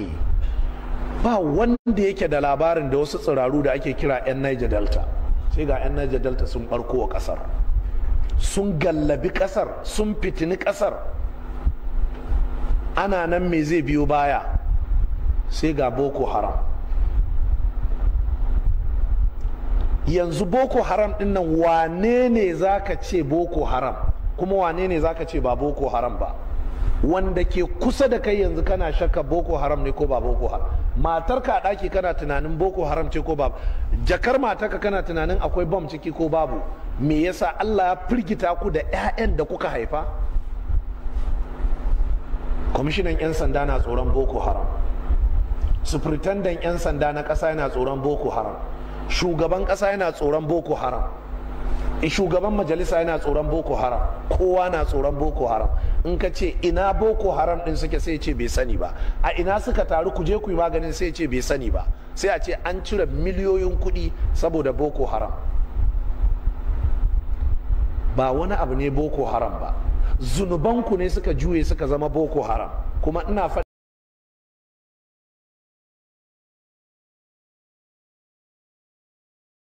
ake yi ba wanda yake da labarin da wasu tsiraru da ake kira 'yan Niger Delta sai ga 'yan Niger Delta sun barko wa kasar sun gallabi kasar sun fitini kasar ana nan me zai biyo baya sai ga Boko Haram yanzu Boko Haram din nan wane ne zaka ce Boko Haram kuma wane ne zaka ce ba Boko Haram ba wanda ke kusa da kai yanzu kana shakka boko haram ne ko ba boko haram matarka a ɗaki kana tunanin boko haram ce ko ba jakar matarka kana tunanin akwai bam ciki ko babu me yasa allah ya firgita ku da 'ya'yan da kuka haifa kwamishinan 'yan sanda na tsoron boko haram sufritandan 'yan sanda na ƙasa yana tsoron boko haram shugaban ƙasa yana tsoron boko haram Eh, shugaban majalisa yana tsoron boko haram kowa na tsoron boko haram in ka ce ina boko haram din suke sai ce bai sani ba a ina suka taru ku je ku yi maganin sai ce bai sani ba sai a ce an cire miliyoyin kuɗi saboda boko haram ba wani abu ne boko haram ba zunubanku ne suka juye suka zama boko haram kuma ina